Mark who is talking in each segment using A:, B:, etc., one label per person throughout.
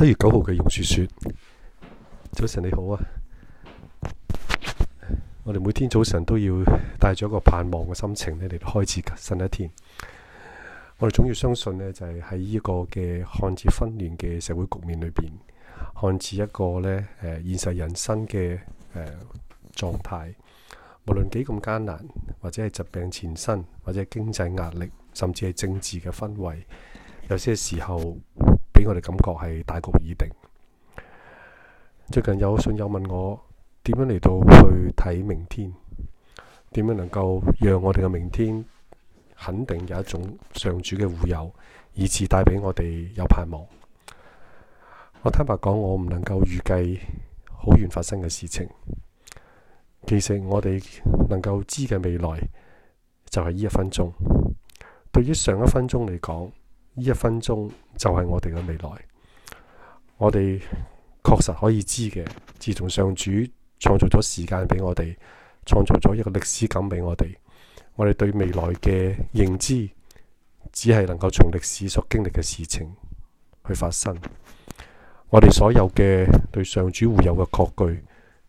A: 七月九號嘅榕樹說：早晨你好啊！我哋每天早晨都要帶住一個盼望嘅心情咧，嚟開始新一天。我哋總要相信呢，就係喺呢個嘅看似紛亂嘅社會局面裏邊，看似一個呢誒、呃、現實人生嘅誒、呃、狀態。無論幾咁艱難，或者係疾病纏身，或者經濟壓力，甚至係政治嘅氛圍，有些時候。俾我哋感覺係大局已定。最近有信友問我點樣嚟到去睇明天，點樣能夠讓我哋嘅明天肯定有一種上主嘅護佑，以至帶俾我哋有盼望。我坦白講，我唔能夠預計好遠發生嘅事情。其實我哋能夠知嘅未來就係呢一分鐘。對於上一分鐘嚟講。呢一分鐘就係我哋嘅未來。我哋確實可以知嘅，自從上主創造咗時間俾我哋，創造咗一個歷史感俾我哋，我哋對未來嘅認知，只係能夠從歷史所經歷嘅事情去發生。我哋所有嘅對上主會有嘅確據，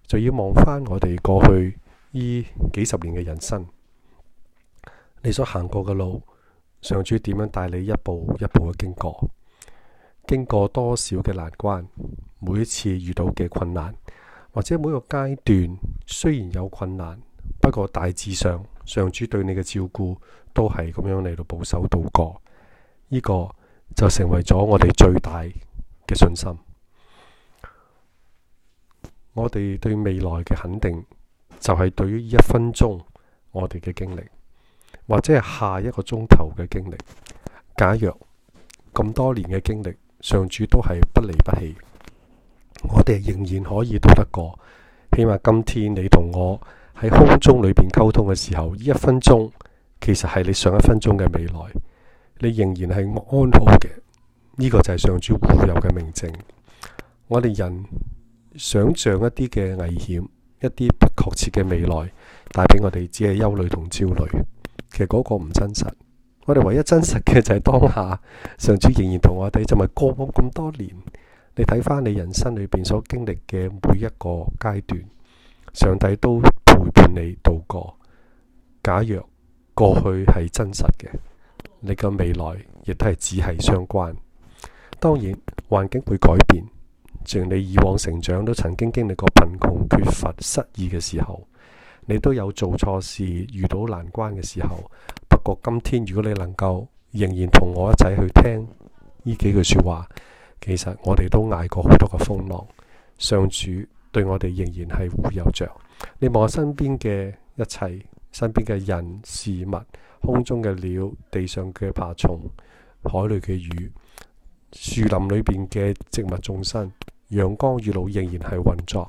A: 就要望翻我哋過去呢幾十年嘅人生，你所行過嘅路。上主點樣帶你一步一步嘅經過，經過多少嘅難關，每一次遇到嘅困難，或者每一個階段，雖然有困難，不過大致上上主對你嘅照顧都係咁樣嚟到保守度過，呢個就成為咗我哋最大嘅信心。我哋對未來嘅肯定，就係對於一分鐘我哋嘅經歷。或者係下一個鐘頭嘅經歷。假若咁多年嘅經歷，上主都係不離不棄，我哋仍然可以渡得過。起碼今天你同我喺空中裏邊溝通嘅時候，呢一分鐘其實係你上一分鐘嘅未來，你仍然係安好嘅。呢、這個就係上主護佑嘅明證。我哋人想像一啲嘅危險，一啲不確切嘅未來，帶俾我哋只係憂慮同焦慮。其實嗰個唔真實，我哋唯一真實嘅就係當下。上主仍然同我哋，就咪過咁多年，你睇返你人生裏邊所經歷嘅每一個階段，上帝都陪伴你度過。假若過去係真實嘅，你嘅未來亦都係只係相關。當然環境會改變，像你以往成長都曾經經歷過貧窮、缺乏、失意嘅時候。你都有做錯事、遇到難關嘅時候。不過今天，如果你能夠仍然同我一齊去聽呢幾句説話，其實我哋都捱過好多嘅風浪。上主對我哋仍然係護佑着。你望身邊嘅一切、身邊嘅人事物、空中嘅鳥、地上嘅爬蟲、海裡嘅魚、樹林裏邊嘅植物眾生，陽光雨露仍然係運作。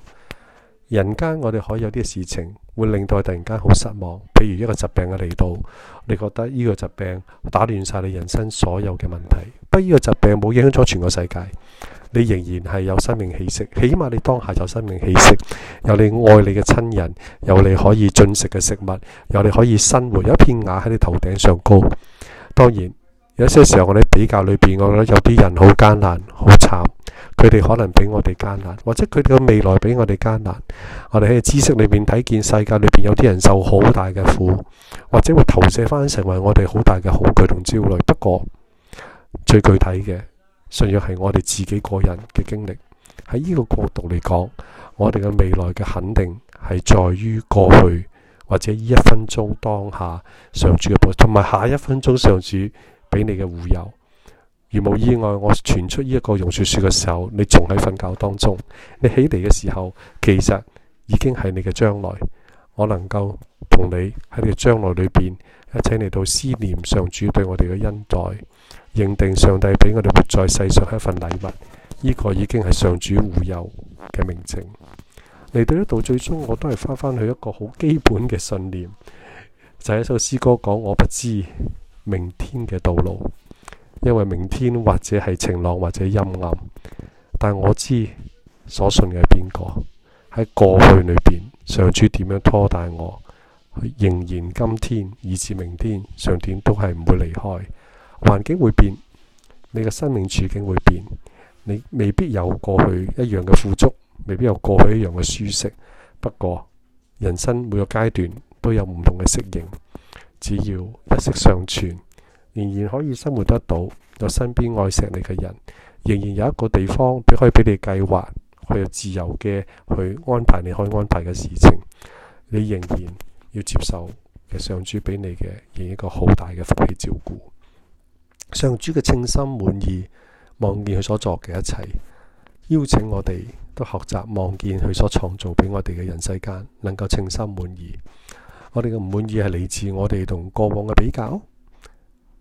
A: 人間我哋可以有啲事情會令到你突然間好失望，譬如一個疾病嘅嚟到，你覺得呢個疾病打亂晒你人生所有嘅問題。不，呢個疾病冇影響咗全個世界，你仍然係有生命氣息，起碼你當下有生命氣息，有你愛你嘅親人，有你可以進食嘅食物，有你可以生活，有一片瓦喺你頭頂上高。當然，有些時候我哋比較裏邊，我覺得有啲人好艱難，好慘。佢哋可能比我哋艱難，或者佢哋嘅未來比我哋艱難。我哋喺知識裏面睇見世界裏邊有啲人受好大嘅苦，或者會投射翻成為我哋好大嘅恐懼同焦慮。不過最具體嘅信仰係我哋自己個人嘅經歷。喺呢個角度嚟講，我哋嘅未來嘅肯定係在於過去，或者呢一分鐘當下上主嘅保同埋下一分鐘上主俾你嘅護佑。如冇意外，我傳出呢一個榕樹樹嘅時候，你仲喺瞓覺當中，你起嚟嘅時候，其實已經係你嘅將來。我能夠同你喺你嘅將來裏邊一齊嚟到思念上主對我哋嘅恩待，認定上帝俾我哋活在世上係一份禮物，呢、這個已經係上主護佑嘅明證。嚟到呢度，最終我都係翻返去一個好基本嘅信念，就係、是、一首詩歌講：我不知明天嘅道路。因為明天或者係晴朗或者陰暗，但我知所信嘅係邊個。喺過去裏邊，上主點樣拖帶我，仍然今天以至明天，上天都係唔會離開。環境會變，你嘅生命處境會變，你未必有過去一樣嘅富足，未必有過去一樣嘅舒適。不過人生每個階段都有唔同嘅適應，只要一息尚存。仍然可以生活得到，有身邊愛錫你嘅人，仍然有一個地方可以俾你計劃去自由嘅去安排，你可以安排嘅事情，你仍然要接受嘅上主俾你嘅而一個好大嘅福氣照顧。上主嘅稱心滿意，望見佢所做嘅一切，邀請我哋都學習望見佢所創造俾我哋嘅人世間，能夠稱心滿意。我哋嘅唔滿意係嚟自我哋同過往嘅比較。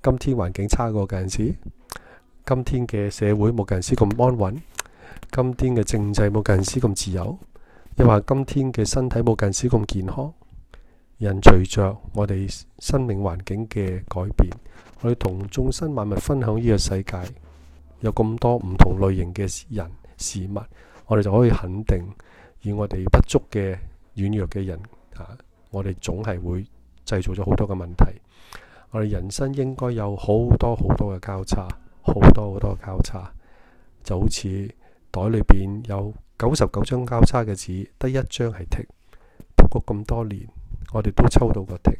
A: 今天環境差過舊陣時，今天嘅社會冇舊陣時咁安穩，今天嘅政制冇舊陣時咁自由，又話今天嘅身體冇舊陣時咁健康。人隨着我哋生命環境嘅改變，我哋同眾生萬物分享呢個世界，有咁多唔同類型嘅人事物，我哋就可以肯定，以我哋不足嘅軟弱嘅人啊，我哋總係會製造咗好多嘅問題。我哋人生應該有好多好多嘅交叉，好多好多交叉，就好似袋裏邊有九十九張交叉嘅紙，得一張係剔。不過咁多年，我哋都抽到個剔，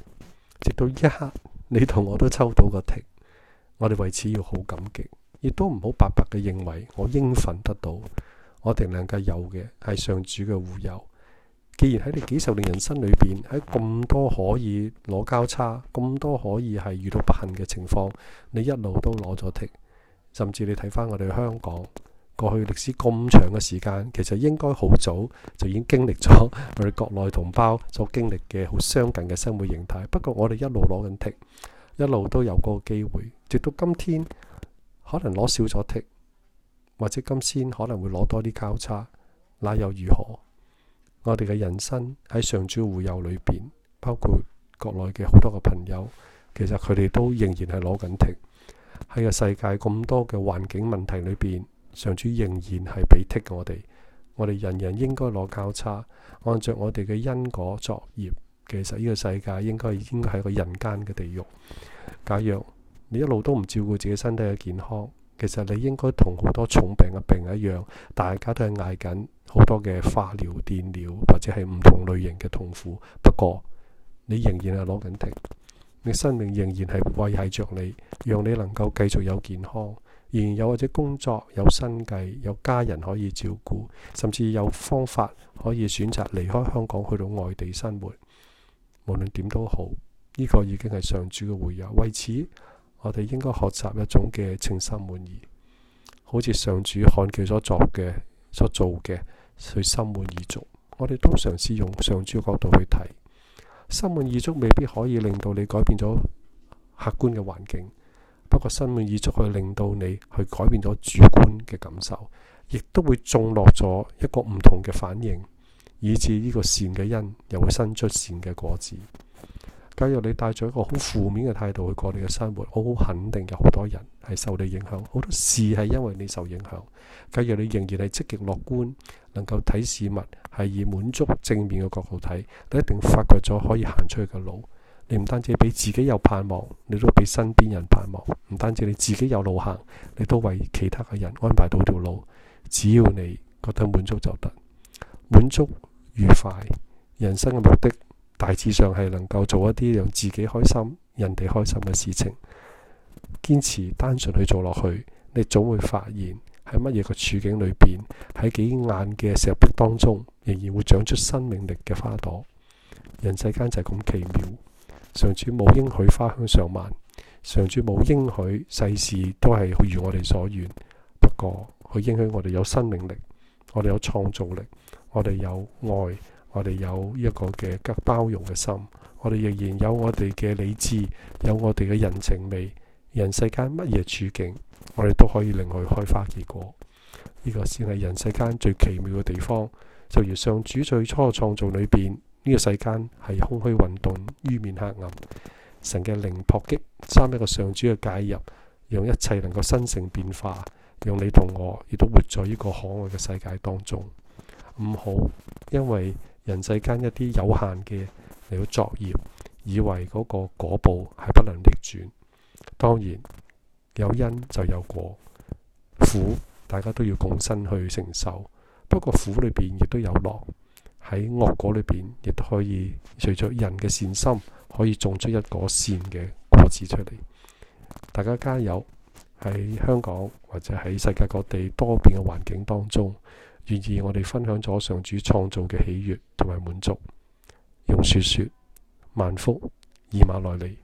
A: 直到一刻，你同我都抽到個剔，我哋為此要好感激，亦都唔好白白嘅認為我應份得到，我哋能夠有嘅係上主嘅護佑。既然喺你幾十年人生裏邊，喺咁多可以攞交叉，咁多可以係遇到不幸嘅情況，你一路都攞咗剔，甚至你睇返我哋香港過去歷史咁長嘅時間，其實應該好早就已經經歷咗我哋國內同胞所經歷嘅好相近嘅生活形態。不過我哋一路攞緊剔，一路都有個機會，直到今天可能攞少咗剔，或者今先可能會攞多啲交叉，那又如何？我哋嘅人生喺上主護佑裏邊，包括國內嘅好多個朋友，其實佢哋都仍然係攞緊踢。喺個世界咁多嘅環境問題裏邊，上主仍然係俾踢我哋。我哋人人應該攞交叉，按着我哋嘅因果作業。其實呢個世界應該已經係一個人間嘅地獄。假若你一路都唔照顧自己身體嘅健康。其實你應該同好多重病嘅病一樣，大家都係捱緊好多嘅化療、電療或者係唔同類型嘅痛苦。不過你仍然係攞緊停，你生命仍然係維繫着你，讓你能夠繼續有健康，仍然有或者工作、有生計、有家人可以照顧，甚至有方法可以選擇離開香港去到外地生活。無論點都好，呢、這個已經係上主嘅會有，為此。我哋應該學習一種嘅情心滿意，好似上主看佢所作嘅、所做嘅，去心滿意足。我哋通常使用上主角度去睇，心滿意足未必可以令到你改變咗客觀嘅環境，不過心滿意足去令到你去改變咗主觀嘅感受，亦都會種落咗一個唔同嘅反應，以至呢個善嘅因又會生出善嘅果子。假如你帶咗一個好負面嘅態度去過你嘅生活，我好肯定有好多人係受你影響，好多事係因為你受影響。假如你仍然係積極樂觀，能夠睇事物係以滿足正面嘅角度睇，你一定發掘咗可以行出去嘅路。你唔單止俾自己有盼望，你都俾身邊人盼望。唔單止你自己有路行，你都為其他嘅人安排到條路。只要你覺得滿足就得，滿足愉快，人生嘅目的。大致上係能夠做一啲讓自己開心、人哋開心嘅事情，堅持單純去做落去，你總會發現喺乜嘢個處境裏邊，喺幾硬嘅石壁當中，仍然會長出生命力嘅花朵。人世間就係咁奇妙，上主冇應許花香上萬，上主冇應許世事都係如我哋所願，不過佢應許我哋有生命力，我哋有創造力，我哋有愛。我哋有一個嘅包容嘅心，我哋仍然有我哋嘅理智，有我哋嘅人情味。人世間乜嘢處境，我哋都可以令佢開花結果。呢個先係人世間最奇妙嘅地方。就如上主最初嘅創造裏邊，呢個世間係空虛混沌、淵面黑暗。神嘅靈撲擊，三一個上主嘅介入，讓一切能夠生成變化，讓你同我亦都活在呢個可愛嘅世界當中。唔好，因為，人世間一啲有限嘅嚟到作業，以為嗰個果報係不能逆轉。當然，有因就有果，苦大家都要共身去承受。不過苦裏邊亦都有樂，喺惡果裏邊亦都可以，隨着人嘅善心，可以種出一個善嘅果子出嚟。大家加油，喺香港或者喺世界各地多變嘅環境當中。願意，我哋分享咗上主創造嘅喜悦同埋滿足，用説説萬福，以馬內利。